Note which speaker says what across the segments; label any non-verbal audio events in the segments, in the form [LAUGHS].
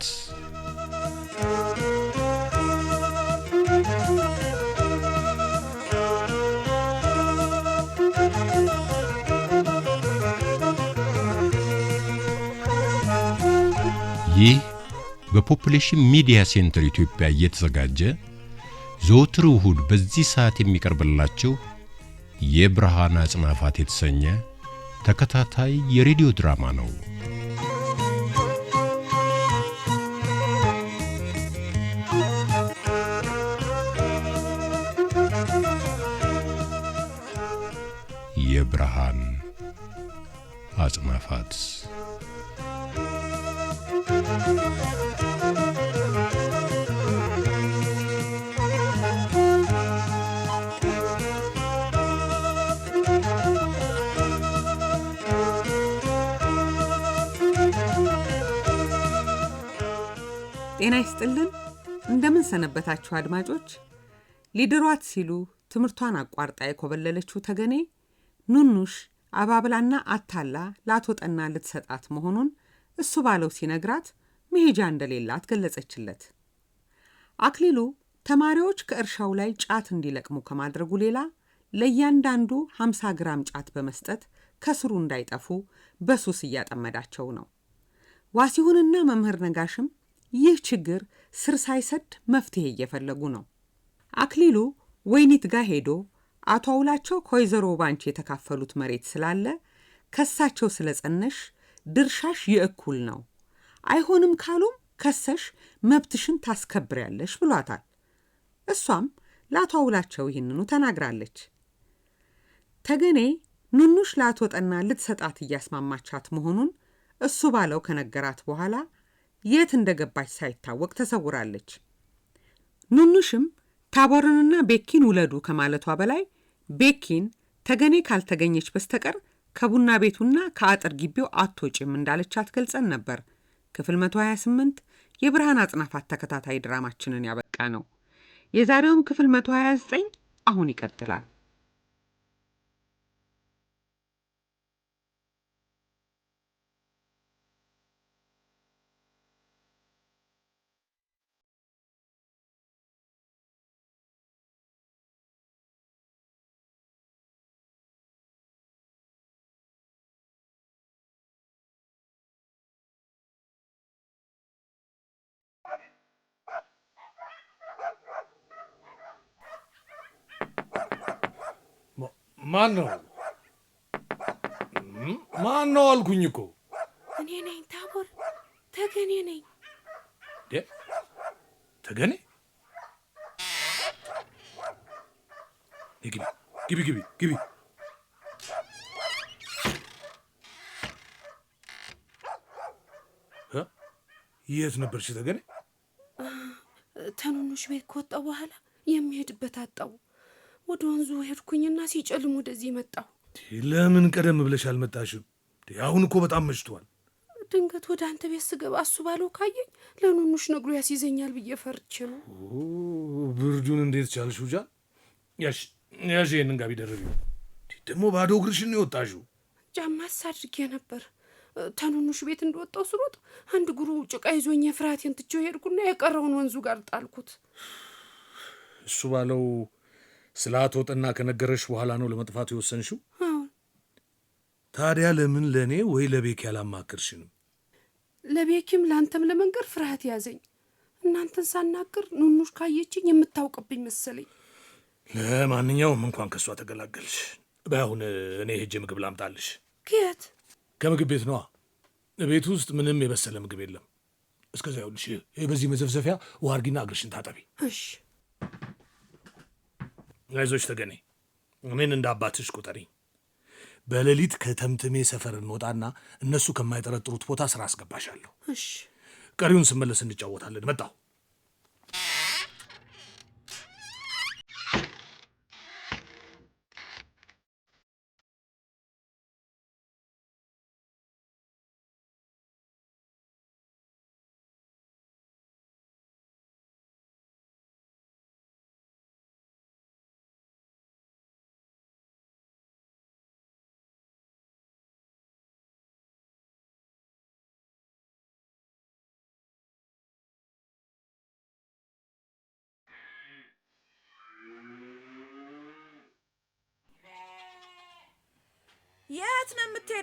Speaker 1: ናት። ይህ በፖፑሌሽን ሚዲያ ሴንተር ኢትዮጵያ እየተዘጋጀ ዘወትር እሁድ በዚህ ሰዓት የሚቀርብላችሁ የብርሃን አጽናፋት የተሰኘ ተከታታይ የሬዲዮ ድራማ ነው። ብርሃን አጽመፋት
Speaker 2: ጤና ይስጥልን። እንደምን ሰነበታችሁ አድማጮች። ሊድሯት ሲሉ ትምህርቷን አቋርጣ የኮበለለችው ተገኔ ኑኑሽ አባብላና አታላ ለአቶ ጠና ልትሰጣት መሆኑን እሱ ባለው ሲነግራት መሄጃ እንደሌላት ገለጸችለት። አክሊሉ ተማሪዎች ከእርሻው ላይ ጫት እንዲለቅሙ ከማድረጉ ሌላ ለእያንዳንዱ 50 ግራም ጫት በመስጠት ከስሩ እንዳይጠፉ በሱስ እያጠመዳቸው ነው። ዋሲሁንና መምህር ነጋሽም ይህ ችግር ስር ሳይሰድ መፍትሄ እየፈለጉ ነው። አክሊሉ ወይኒት ጋር ሄዶ አቶ አውላቸው ከወይዘሮ ባንች የተካፈሉት መሬት ስላለ ከሳቸው ስለ ጸነሽ ድርሻሽ የእኩል ነው፣ አይሆንም ካሉም ከሰሽ መብትሽን ታስከብሪያለሽ ብሏታል። እሷም ለአቶ አውላቸው ይህንኑ ተናግራለች። ተገኔ ኑኑሽ ለአቶ ጠና ልትሰጣት እያስማማቻት መሆኑን እሱ ባለው ከነገራት በኋላ የት እንደገባች ሳይታወቅ ተሰውራለች። ኑኑሽም ታቦርንና ቤኪን ውለዱ ከማለቷ በላይ ቤኪን ተገኔ ካልተገኘች በስተቀር ከቡና ቤቱና ከአጥር ግቢው አትወጪም እንዳለቻት ገልጸን ነበር። ክፍል 128 የብርሃን አጽናፋት ተከታታይ ድራማችንን ያበቃ ነው። የዛሬውም ክፍል 129 አሁን ይቀጥላል።
Speaker 3: ማን ነው? ማን ነው አልኩኝ እኮ
Speaker 4: እኔ ነኝ። ታቦር ተገኔ ነኝ።
Speaker 3: ተገኔ ግቢ ግቢ ግቢ ግቢ የት ነበርሽ ተገኔ?
Speaker 4: ተኑኑሽ ቤት ከወጣው በኋላ የሚሄድበት አጣው። ወደ ወንዙ ሄድኩኝና ሲጨልም ወደዚህ መጣሁ።
Speaker 3: ለምን ቀደም ብለሽ አልመጣሽም? አሁን እኮ በጣም መሽቷል።
Speaker 4: ድንገት ወደ አንተ ቤት ስገባ እሱ ባለው ካየኝ ለኑኑሽ ነግሮ ያስይዘኛል ብዬ ፈርቼ ነው።
Speaker 3: ብርዱን እንዴት ቻልሽ? ውጃ ያሽ ይህንን ጋቢ ደርቢ። ደግሞ ባዶ እግርሽን የወጣሽው?
Speaker 4: ጫማስ አድርጌ ነበር። ተኑኑሽ ቤት እንደወጣው ስሮጥ አንድ እግሩ ጭቃ ይዞኝ የፍርሃቴን ትቼው ሄድኩና የቀረውን ወንዙ ጋር ጣልኩት።
Speaker 3: እሱ ባለው ስለ አቶ ጥና ከነገረሽ በኋላ ነው ለመጥፋት የወሰንሽው? ታዲያ ለምን ለእኔ ወይ ለቤኪ አላማክርሽንም?
Speaker 4: ለቤኪም ለአንተም ለመንገር ፍርሃት ያዘኝ። እናንተን ሳናግር ኑኑሽ ካየችኝ የምታውቅብኝ መሰለኝ።
Speaker 3: ለማንኛውም እንኳን ከእሷ ተገላገልሽ። በአሁን እኔ ሄጄ ምግብ ላምጣልሽ። ከየት? ከምግብ ቤት ነዋ። ቤት ውስጥ ምንም የበሰለ ምግብ የለም። እስከዚያ ይኸውልሽ፣ በዚህ መዘፍዘፊያ ውሃ አድርጊና እግርሽን ታጠቢ። እሺ። አይዞች ተገኔ፣ እኔን እንደ አባትሽ ቁጠሪ። በሌሊት ከተምትሜ ሰፈር እንወጣና እነሱ ከማይጠረጥሩት ቦታ ስራ አስገባሻለሁ። ቀሪውን ስመለስ እንጫወታለን። መጣሁ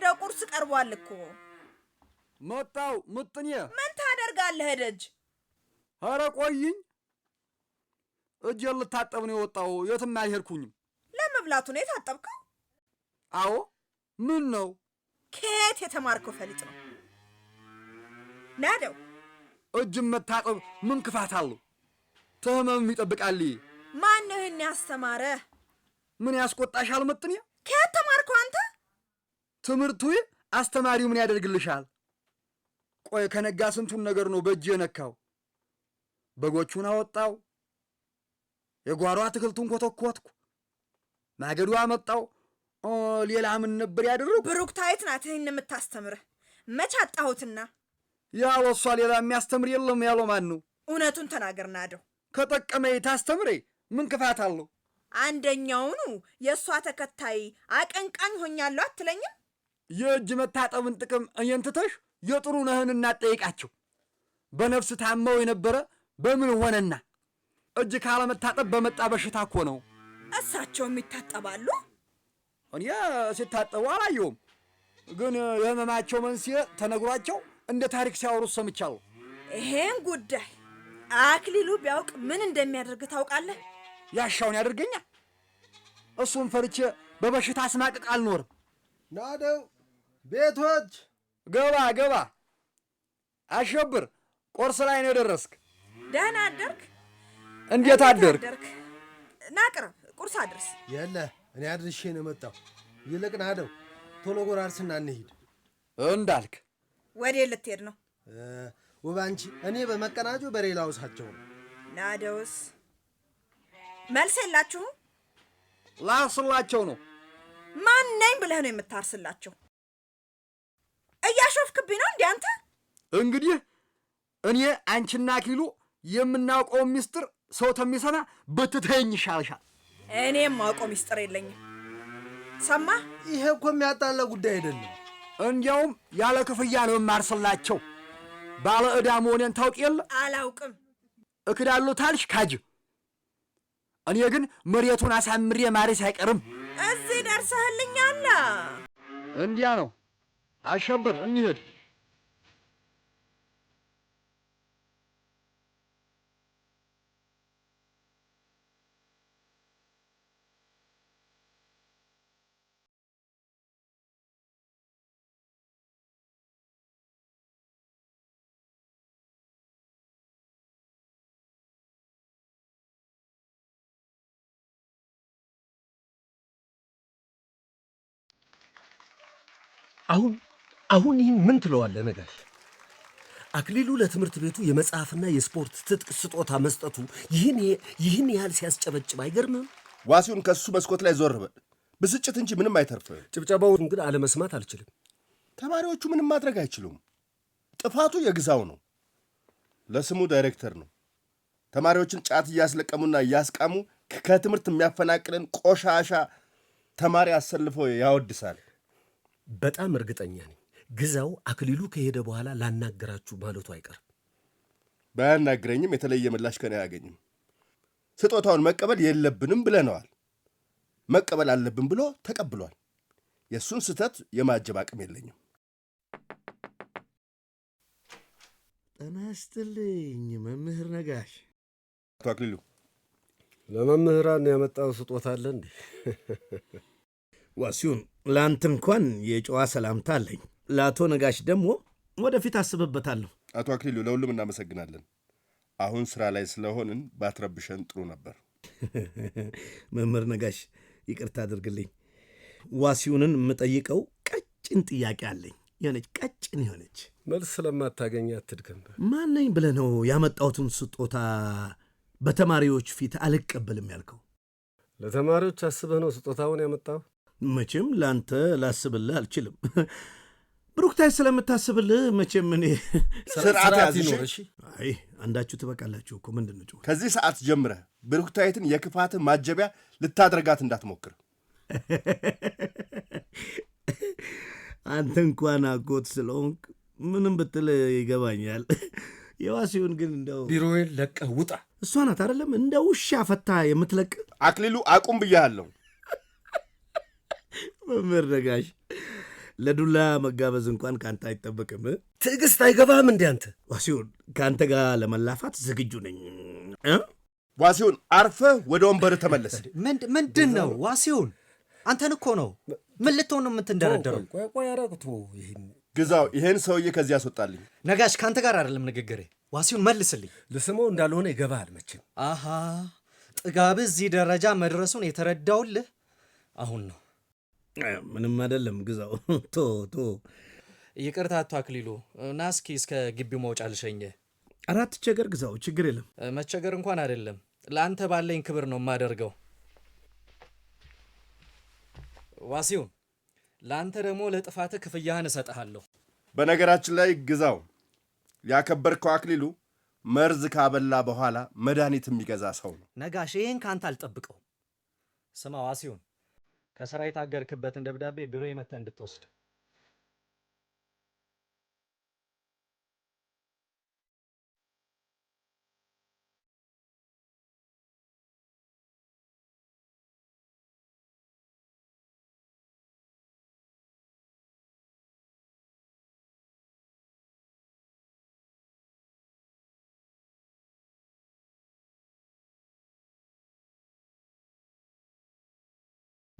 Speaker 5: ነው። ቁርስ ቀርቧል እኮ
Speaker 6: መጣው። ምጥኔ
Speaker 5: ምን ታደርጋለህ? ደጅ
Speaker 6: ኧረ ቆይኝ፣ እጄን ልታጠብ ነው የወጣው። የትም አልሄድኩኝም።
Speaker 5: ለመብላቱ ነው የታጠብከው?
Speaker 6: አዎ። ምን ነው
Speaker 5: ከየት የተማርከው ፈሊጥ ነው? ናደው
Speaker 6: እጅም መታጠብ ምን ክፋት አለው? ተህመም ይጠብቃል።
Speaker 5: ማንህን ያስተማረ?
Speaker 6: ምን ያስቆጣሻል? ምጥኔ ከየት ትምህርቱ አስተማሪው ምን ያደርግልሻል? ቆይ ከነጋ ስንቱን ነገር ነው በእጅ የነካው። በጎቹን አወጣው፣ የጓሮ አትክልቱን ኮተኮትኩ፣ ማገዶ አመጣው። ሌላ ምን ነበር ያደረጉ?
Speaker 5: ብሩክታዊት ናት ይህን የምታስተምርህ። መቼ አጣሁትና
Speaker 6: ያው እሷ ሌላ የሚያስተምር የለም ያለው ማን ነው?
Speaker 5: እውነቱን ተናገር ናደው።
Speaker 6: ከጠቀመ ታስተምሬ ምን ክፋት አለው?
Speaker 5: አንደኛውኑ የእሷ ተከታይ አቀንቃኝ ሆኛለሁ አትለኝም?
Speaker 6: የእጅ መታጠብን ጥቅም እየንትተሽ የጥሩ ነህን እናጠይቃቸው። በነፍስ ታመው የነበረ በምን ሆነና? እጅ ካለመታጠብ በመጣ በሽታ እኮ ነው።
Speaker 5: እሳቸውም ይታጠባሉ።
Speaker 6: እኔ ሲታጠቡ አላየውም። ግን የህመማቸው መንስኤ ተነግሯቸው እንደ ታሪክ ሲያወሩት ሰምቻለሁ።
Speaker 5: ይሄን ጉዳይ አክሊሉ ቢያውቅ ምን እንደሚያደርግ ታውቃለህ?
Speaker 6: ያሻውን ያደርገኛል። እሱን ፈርቼ በበሽታ አስማቅቅ አልኖርም ናደው ቤቶች ገባ ገባ። አሸብር ቆርስ ላይ ነው የደረስክ።
Speaker 5: ደህና አደርክ?
Speaker 6: እንዴት አደርክ?
Speaker 5: ናቅርብ ቁርስ አድርስ።
Speaker 6: የለ እኔ አድርሼ ነው የመጣው። ይልቅ ናደው ቶሎ ጎራርስና እንሂድ። እንዳልክ
Speaker 5: ወዴ ልትሄድ ነው?
Speaker 6: ውባንቺ እኔ በመቀናጆ በሌላ ሳቸው ነው።
Speaker 5: ናደውስ መልስ የላችሁም?
Speaker 6: ላርስላቸው ነው።
Speaker 5: ማን ነኝ ብለህ ነው የምታርስላቸው? እያሾፍክብኝ ነው እንዴ አንተ?
Speaker 6: እንግዲህ እኔ አንቺና ኪሉ የምናውቀው ሚስጥር ሰው ተሚሰና ብትተኝ ይሻልሻል።
Speaker 5: እኔ የማውቀው ሚስጥር የለኝም። ሰማ፣
Speaker 6: ይሄ እኮ የሚያጣላ ጉዳይ አይደለም። እንዲያውም ያለ ክፍያ ነው የማርስላቸው። ባለ ዕዳ መሆኔን ታውቅ የለ? አላውቅም። እክዳሉ ታልሽ ካጅ። እኔ ግን መሬቱን አሳምሬ ማሬስ አይቀርም።
Speaker 5: እዚህ ደርሰህልኛለ።
Speaker 6: እንዲያ ነው Aşağı anlıyor.
Speaker 7: Au! አሁን ይህን ምን ትለዋለህ ነጋሽ? አክሊሉ ለትምህርት ቤቱ የመጽሐፍና የስፖርት ትጥቅ ስጦታ መስጠቱ ይህን ያህል ሲያስጨበጭብ አይገርምም?
Speaker 8: ዋሲውን ከሱ መስኮት ላይ ዞር በል። ብስጭት እንጂ ምንም አይተርፍም።
Speaker 7: ጭብጨባውን ግን አለመስማት አልችልም።
Speaker 8: ተማሪዎቹ ምንም ማድረግ አይችሉም። ጥፋቱ የግዛው ነው። ለስሙ ዳይሬክተር ነው። ተማሪዎችን ጫት እያስለቀሙና እያስቃሙ ከትምህርት የሚያፈናቅልን ቆሻሻ ተማሪ አሰልፎ ያወድሳል።
Speaker 7: በጣም እርግጠኛ ነኝ። ግዛው አክሊሉ ከሄደ በኋላ ላናገራችሁ ማለቱ አይቀርም።
Speaker 8: ባያናግረኝም የተለየ ምላሽ ከኔ አያገኝም። ስጦታውን መቀበል የለብንም ብለነዋል። መቀበል አለብን ብሎ ተቀብሏል። የእሱን ስህተት የማጀብ አቅም የለኝም።
Speaker 9: ጤና ይስጥልኝ መምህር ነጋሽ። አቶ አክሊሉ ለመምህራን ያመጣው ስጦታ አለ እንዴ? ዋሲሁን ለአንተ እንኳን የጨዋ ሰላምታ አለኝ። ለአቶ ነጋሽ ደግሞ ወደፊት አስብበታለሁ።
Speaker 8: አቶ አክሊሉ ለሁሉም እናመሰግናለን። አሁን ስራ ላይ ስለሆንን ባትረብሸን ጥሩ ነበር። [LAUGHS]
Speaker 9: መምህር ነጋሽ ይቅርታ አድርግልኝ። ዋሲውንን የምጠይቀው ቀጭን ጥያቄ አለኝ። የሆነች ቀጭን የሆነች
Speaker 8: መልስ ስለማታገኝ አትድከም።
Speaker 9: ማነኝ ብለህ ነው ያመጣሁትን ስጦታ በተማሪዎች ፊት አልቀበልም ያልከው?
Speaker 8: ለተማሪዎች አስበህ ነው ስጦታውን ያመጣው?
Speaker 9: መቼም ለአንተ ላስብልህ አልችልም። [LAUGHS] ብሩክታይ ስለምታስብልህ መቼም እኔ
Speaker 8: ስርዓት ያዝሽ።
Speaker 9: አይ አንዳችሁ ትበቃላችሁ እኮ ምንድን ነው
Speaker 8: ከዚህ ሰዓት ጀምረህ ብሩክታይትን የክፋትን ማጀቢያ ልታደርጋት እንዳትሞክር።
Speaker 9: አንተ እንኳን አጎት ስለሆንክ ምንም ብትል ይገባኛል። የዋሲውን ግን እንደው
Speaker 8: ቢሮዬን ለቀህ ውጣ።
Speaker 9: እሷ ናት አይደለም እንደ ውሻ ፈታ የምትለቅ።
Speaker 8: አክሊሉ አቁም ብያለሁ።
Speaker 9: መመረጋሽ ለዱላ መጋበዝ እንኳን ከአንተ አይጠበቅም።
Speaker 7: ትዕግስት አይገባም እንዲ አንተ?
Speaker 9: ዋሲሁን ከአንተ ጋር ለመላፋት ዝግጁ ነኝ።
Speaker 8: ዋሲሁን አርፈ ወደ ወንበር ተመለስ።
Speaker 7: ምንድን ነው ዋሲሁን? አንተን እኮ ነው። ምን ልትሆን ነው የምትንደረደረው?
Speaker 8: ግዛው ይሄን ሰውዬ ከዚህ ያስወጣልኝ።
Speaker 7: ነጋሽ ከአንተ ጋር አይደለም ንግግሬ። ዋሲሁን መልስልኝ።
Speaker 9: ልስመው እንዳልሆነ ይገባሃል መቼም።
Speaker 7: አሃ ጥጋብህ እዚህ ደረጃ መድረሱን የተረዳውልህ አሁን ነው።
Speaker 9: ምንም አይደለም። ግዛው [LAUGHS] ቶ ቶ
Speaker 10: ይቅርታ አቶ አክሊሉ እና እስኪ እስከ ግቢው መውጫ ልሸኘ
Speaker 9: አራት ቸገር ግዛው ችግር የለም
Speaker 10: መቸገር እንኳን አይደለም። ለአንተ ባለኝ ክብር ነው የማደርገው። ዋሲውን ለአንተ ደግሞ ለጥፋትህ ክፍያህን እሰጥሃለሁ።
Speaker 8: በነገራችን ላይ ግዛው ያከበርከው አክሊሉ መርዝ ካበላ በኋላ መድኃኒት የሚገዛ ሰው ነው።
Speaker 7: ነጋሽ ይህን ከአንተ አልጠብቀው።
Speaker 10: ስማ ዋሲውን ከስራ የታገድክበትን ደብዳቤ ቢሮ መጥተህ እንድትወስድ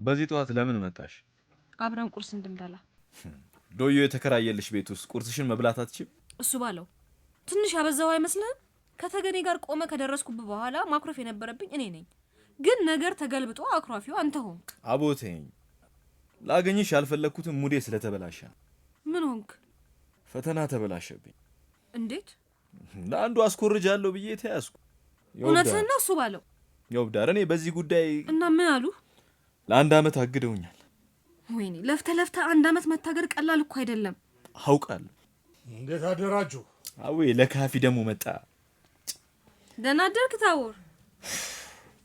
Speaker 11: በዚህ ጠዋት ለምን መጣሽ?
Speaker 12: አብረን ቁርስ እንድንበላ።
Speaker 11: ዶዮ የተከራየልሽ ቤት ውስጥ ቁርስሽን መብላት አትችም?
Speaker 12: እሱ ባለው ትንሽ ያበዛው አይመስልህም? ከተገኔ ጋር ቆመ ከደረስኩብ በኋላ ማኩረፍ የነበረብኝ እኔ ነኝ፣ ግን ነገር ተገልብጦ አኩራፊው አንተ ሆንክ።
Speaker 11: አቦቴኝ ላገኝሽ ያልፈለግኩትን ሙዴ ስለተበላሸ። ምን ሆንክ? ፈተና ተበላሸብኝ። እንዴት? ለአንዱ አስኮርጃለሁ ብዬ ተያዝኩ።
Speaker 12: እውነትህና እሱ ባለው።
Speaker 11: የውብዳር እኔ በዚህ ጉዳይ እና ምን አሉ ለአንድ አመት አግደውኛል።
Speaker 12: ወይኔ ለፍተ ለፍተ አንድ አመት መታገድ ቀላል እኮ አይደለም።
Speaker 11: አውቃለሁ።
Speaker 13: እንዴት አደራችሁ?
Speaker 11: አዌ ለካፊ ደግሞ መጣ።
Speaker 12: ደህና አደርክ ታቦር።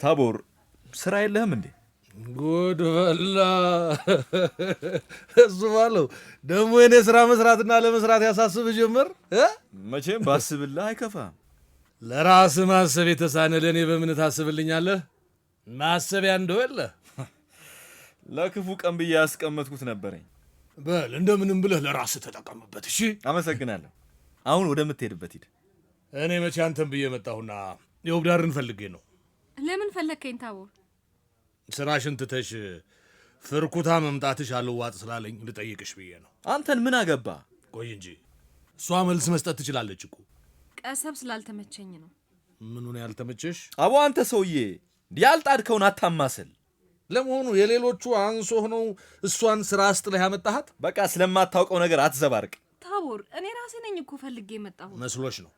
Speaker 11: ታቦር ስራ የለህም እንዴ?
Speaker 9: ጉድ በላ እሱ ባለው ደግሞ የኔ ስራ መስራትና ለመስራት ያሳስብ ጀምር
Speaker 11: መቼም ባስብልህ አይከፋም።
Speaker 9: ለራስ ማሰብ የተሳነ ለእኔ በምን ታስብልኛለህ? ማሰቢያ እንደው የለህ
Speaker 11: ለክፉ ቀን ብዬ ያስቀመጥኩት ነበረኝ።
Speaker 13: በል እንደምንም ብለህ ለራስህ ተጠቀምበት። እሺ፣
Speaker 11: አመሰግናለሁ። አሁን ወደምትሄድበት ሂድ።
Speaker 13: እኔ መቼ አንተን ብዬ መጣሁና የውብዳርን ፈልጌ ነው።
Speaker 12: ለምን ፈለግከኝ? ታቦር፣
Speaker 13: ስራሽን ትተሽ ፍርኩታ መምጣትሽ አልዋጥ ስላለኝ ልጠይቅሽ ብዬ ነው።
Speaker 11: አንተን ምን አገባ?
Speaker 13: ቆይ እንጂ እሷ መልስ መስጠት ትችላለች እኮ።
Speaker 12: ቀሰብ ስላልተመቸኝ ነው።
Speaker 11: ምኑን ያልተመቸሽ? አቦ አንተ ሰውዬ፣ ያልጣድከውን አታማስል።
Speaker 13: ለመሆኑ የሌሎቹ አንሶ ሆነው እሷን ስራ ላይ ያመጣሃት? በቃ ስለማታውቀው ነገር አትዘባርቅ
Speaker 12: ታቦር። እኔ ራሴ ነኝ እኮ ፈልጌ የመጣሁት። መስሎሽ ነው።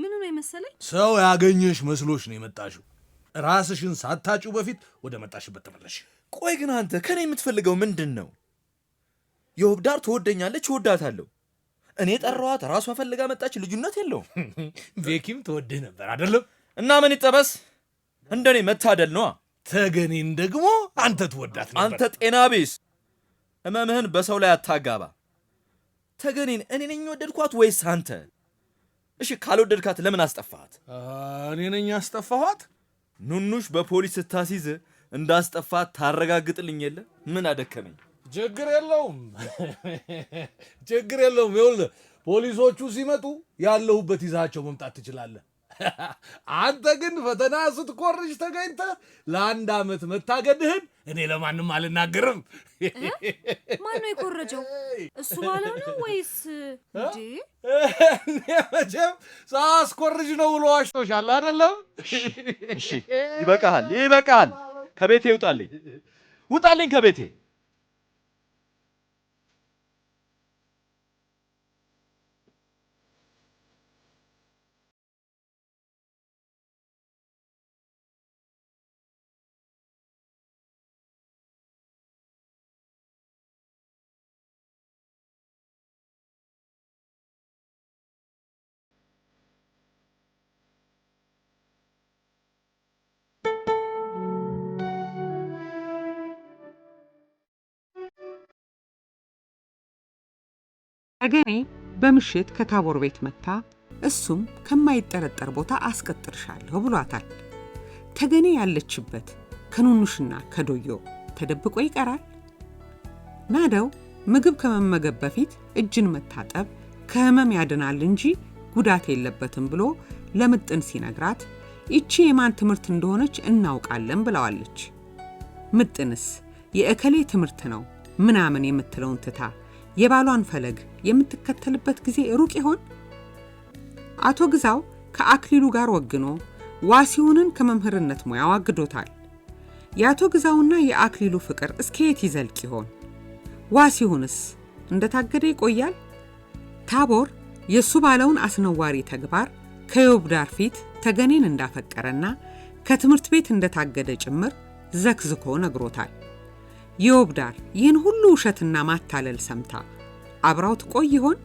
Speaker 12: ምኑ ነው የመሰለኝ?
Speaker 13: ሰው ያገኘሽ መስሎሽ ነው የመጣሽው። ራስሽን ሳታጩ በፊት ወደ መጣሽበት ተመለሽ።
Speaker 7: ቆይ ግን አንተ ከኔ የምትፈልገው ምንድን ነው? ዳር ትወደኛለች፣ እወዳታለሁ። እኔ ጠራዋት፣ ራሷ ፈልጋ መጣች። ልዩነት የለውም።
Speaker 9: ቤኪም ትወድህ ነበር አይደለም?
Speaker 10: እና ምን ይጠበስ፣ እንደኔ መታደል ነዋ።
Speaker 9: ተገኔን ደግሞ አንተ ትወዳት
Speaker 10: ነበር። አንተ ጤና ቢስ ሕመምህን በሰው ላይ አታጋባ። ተገኔን እኔ ነኝ ወደድኳት ወይስ አንተ? እሺ ካልወደድካት ለምን አስጠፋሃት?
Speaker 9: እኔ ነኝ አስጠፋኋት?
Speaker 10: ኑኑሽ በፖሊስ ስታሲዝ እንዳስጠፋት ታረጋግጥልኝ የለ ምን አደከመኝ።
Speaker 9: ችግር የለውም ችግር የለውም። ይኸውልህ ፖሊሶቹ ሲመጡ ያለሁበት ይዛቸው መምጣት ትችላለህ። አንተ ግን ፈተና ስትቆርጅ ተገኝተ ለአንድ ዓመት መታገድህን እኔ ለማንም አልናገርም።
Speaker 12: ማን ነው የኮረጀው? እሱ ባለው ነው ወይስ
Speaker 9: መቼም ሳስኮርጅ ነው ብሎ ዋሽቶሻል አደለም?
Speaker 11: ይበቃል፣ ይበቃል። ከቤቴ ይውጣልኝ፣ ውጣልኝ ከቤቴ
Speaker 2: ተገኔ በምሽት ከታቦር ቤት መታ እሱም ከማይጠረጠር ቦታ አስቀጥርሻለሁ ብሏታል። ተገኔ ያለችበት ከኑኑሽና ከዶዮ ተደብቆ ይቀራል። ናደው ምግብ ከመመገብ በፊት እጅን መታጠብ ከህመም ያድናል እንጂ ጉዳት የለበትም ብሎ ለምጥን ሲነግራት ይቺ የማን ትምህርት እንደሆነች እናውቃለን ብለዋለች። ምጥንስ የእከሌ ትምህርት ነው ምናምን የምትለውን ትታ የባሏን ፈለግ የምትከተልበት ጊዜ ሩቅ ይሆን? አቶ ግዛው ከአክሊሉ ጋር ወግኖ ዋሲሁንን ከመምህርነት ሙያው አግዶታል። የአቶ ግዛውና የአክሊሉ ፍቅር እስከ የት ይዘልቅ ይሆን? ዋሲሁንስ እንደታገደ ይቆያል? ታቦር የእሱ ባለውን አስነዋሪ ተግባር ከዮብ ዳር ፊት ተገኔን እንዳፈቀረና ከትምህርት ቤት እንደታገደ ጭምር ዘክዝኮ ነግሮታል። ዳር ይህን ሁሉ ውሸትና ማታለል ሰምታ አብራው ትቆይ ይሆን?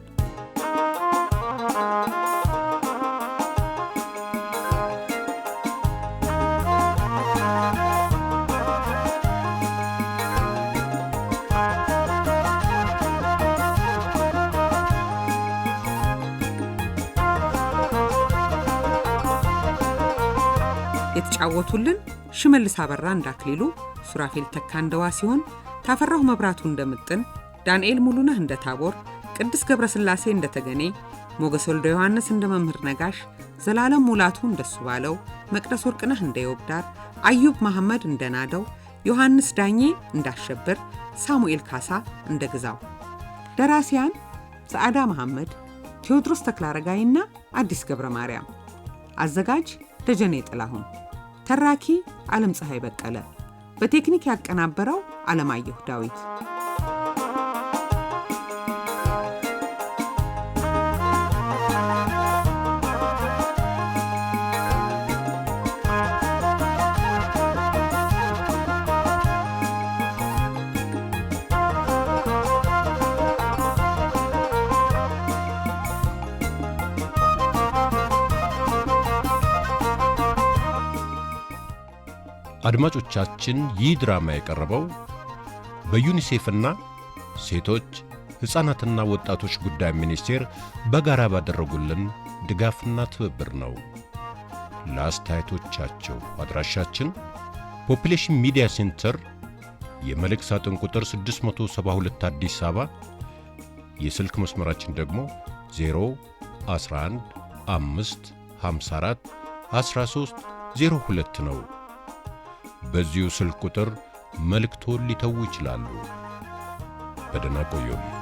Speaker 2: የተጫወቱልን ሽመልስ አበራ እንዳክሊሉ ሱራፌል ተካ እንደዋ ሲሆን ታፈራሁ መብራቱ እንደምጥን፣ ዳንኤል ሙሉነህ እንደ ታቦር፣ ቅድስ ገብረስላሴ እንደ ተገኔ፣ ሞገስ ወልደ ዮሐንስ እንደ መምህር ነጋሽ፣ ዘላለም ሙላቱ እንደሱ ባለው፣ መቅደስ ወርቅነህ እንደ ዮብዳር፣ አዩብ መሐመድ እንደ ናደው፣ ዮሐንስ ዳኜ እንዳሸብር፣ ሳሙኤል ካሳ እንደ ግዛው። ደራሲያን ሰዓዳ መሐመድ፣ ቴዎድሮስ ተክላረጋይና አዲስ ገብረ ማርያም። አዘጋጅ ደጀኔ ጥላሁን። ተራኪ ዓለም ፀሐይ በቀለ በቴክኒክ ያቀናበረው አለማየሁ ዳዊት
Speaker 1: አድማጮቻችን ይህ ድራማ የቀረበው በዩኒሴፍና ሴቶች ሕፃናትና ወጣቶች ጉዳይ ሚኒስቴር በጋራ ባደረጉልን ድጋፍና ትብብር ነው። ለአስተያየቶቻቸው አድራሻችን ፖፕሌሽን ሚዲያ ሴንተር የመልእክት ሳጥን ቁጥር 672 አዲስ አበባ፣ የስልክ መስመራችን ደግሞ 011 554 13 02 ነው። በዚሁ ስልክ ቁጥር መልእክቶን ሊተዉ ይችላሉ። በደህና ቆዩን።